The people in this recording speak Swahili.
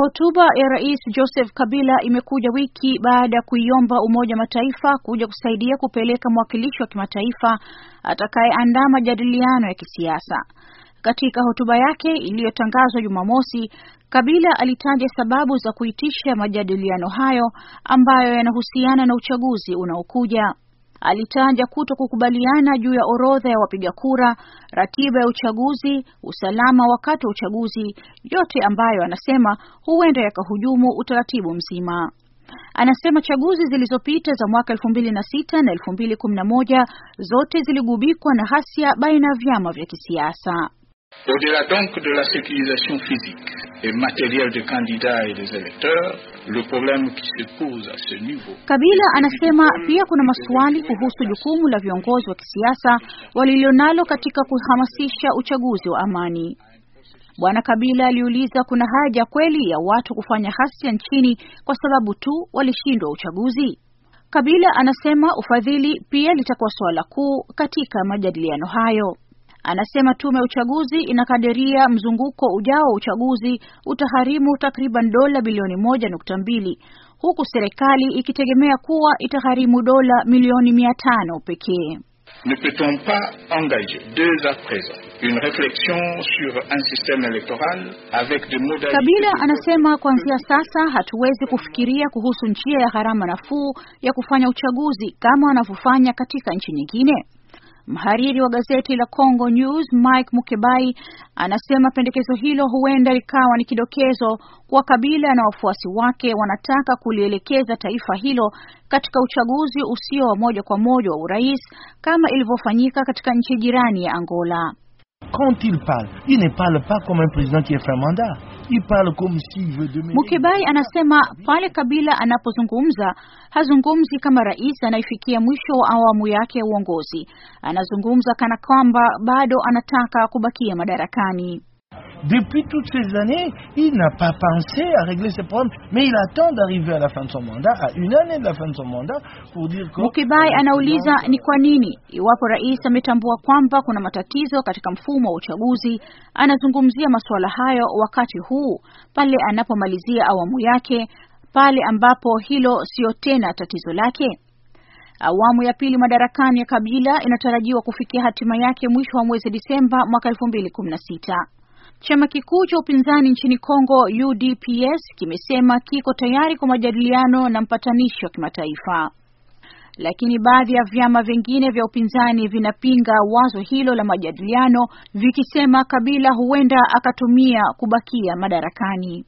Hotuba ya Rais Joseph Kabila imekuja wiki baada ya kuiomba Umoja wa Mataifa kuja kusaidia kupeleka mwakilishi wa kimataifa atakayeandaa majadiliano ya kisiasa. Katika hotuba yake iliyotangazwa Jumamosi, Kabila alitaja sababu za kuitisha majadiliano hayo ambayo yanahusiana na uchaguzi unaokuja. Alitaja kuto kukubaliana juu ya orodha ya wapiga kura, ratiba ya uchaguzi, usalama wakati wa uchaguzi, yote ambayo anasema huenda yakahujumu utaratibu mzima. Anasema chaguzi zilizopita za mwaka 2006 na 2011 zote ziligubikwa na hasia baina ya vyama vya kisiasa. Au-delà donc de la sécurisation physique et matériel de candidats et des électeurs, le problème qui se pose à ce niveau. Kabila anasema pia kuna maswali kuhusu jukumu la viongozi wa kisiasa walilionalo katika kuhamasisha uchaguzi wa amani. Bwana Kabila aliuliza kuna haja kweli ya watu kufanya hasia nchini kwa sababu tu walishindwa uchaguzi? Kabila anasema ufadhili pia litakuwa suala kuu katika majadiliano hayo. Anasema tume ya uchaguzi inakadiria mzunguko ujao wa uchaguzi utaharimu takriban dola bilioni moja nukta mbili huku serikali ikitegemea kuwa itaharimu dola milioni mia tano pekee. Ne peut-on pas engager dès à présent une réflexion sur un système électoral avec des modalités. Kabila anasema kuanzia sasa hatuwezi kufikiria kuhusu njia ya gharama nafuu ya kufanya uchaguzi kama wanavyofanya katika nchi nyingine. Mhariri wa gazeti la Congo News Mike Mukebai anasema pendekezo hilo huenda likawa ni kidokezo kwa Kabila na wafuasi wake wanataka kulielekeza taifa hilo katika uchaguzi usio wa moja kwa moja wa urais kama ilivyofanyika katika nchi jirani ya Angola. Quand il parle, il ne parle pas comme un président qui est fait mandat. Mukibai anasema pale Kabila anapozungumza hazungumzi kama rais anayefikia mwisho wa awamu yake ya uongozi, anazungumza kana kwamba bado anataka kubakia madarakani. Depuis toutes ces années, il n'a pas pensé à régler ses problèmes, mais il attend d'arriver à la fin de son mandat, à une année de la fin de son mandat, pour dire que... Mukibai anauliza ni kwa nini iwapo rais ametambua kwamba kuna matatizo katika mfumo wa uchaguzi, anazungumzia masuala hayo wakati huu pale anapomalizia awamu yake, pale ambapo hilo sio tena tatizo lake. Awamu ya pili madarakani ya Kabila inatarajiwa kufikia hatima yake mwisho wa mwezi Disemba mwaka 2016. Chama kikuu cha upinzani nchini Kongo UDPS kimesema kiko tayari kwa majadiliano na mpatanishi wa kimataifa. Lakini baadhi ya vyama vingine vya upinzani vinapinga wazo hilo la majadiliano vikisema Kabila huenda akatumia kubakia madarakani.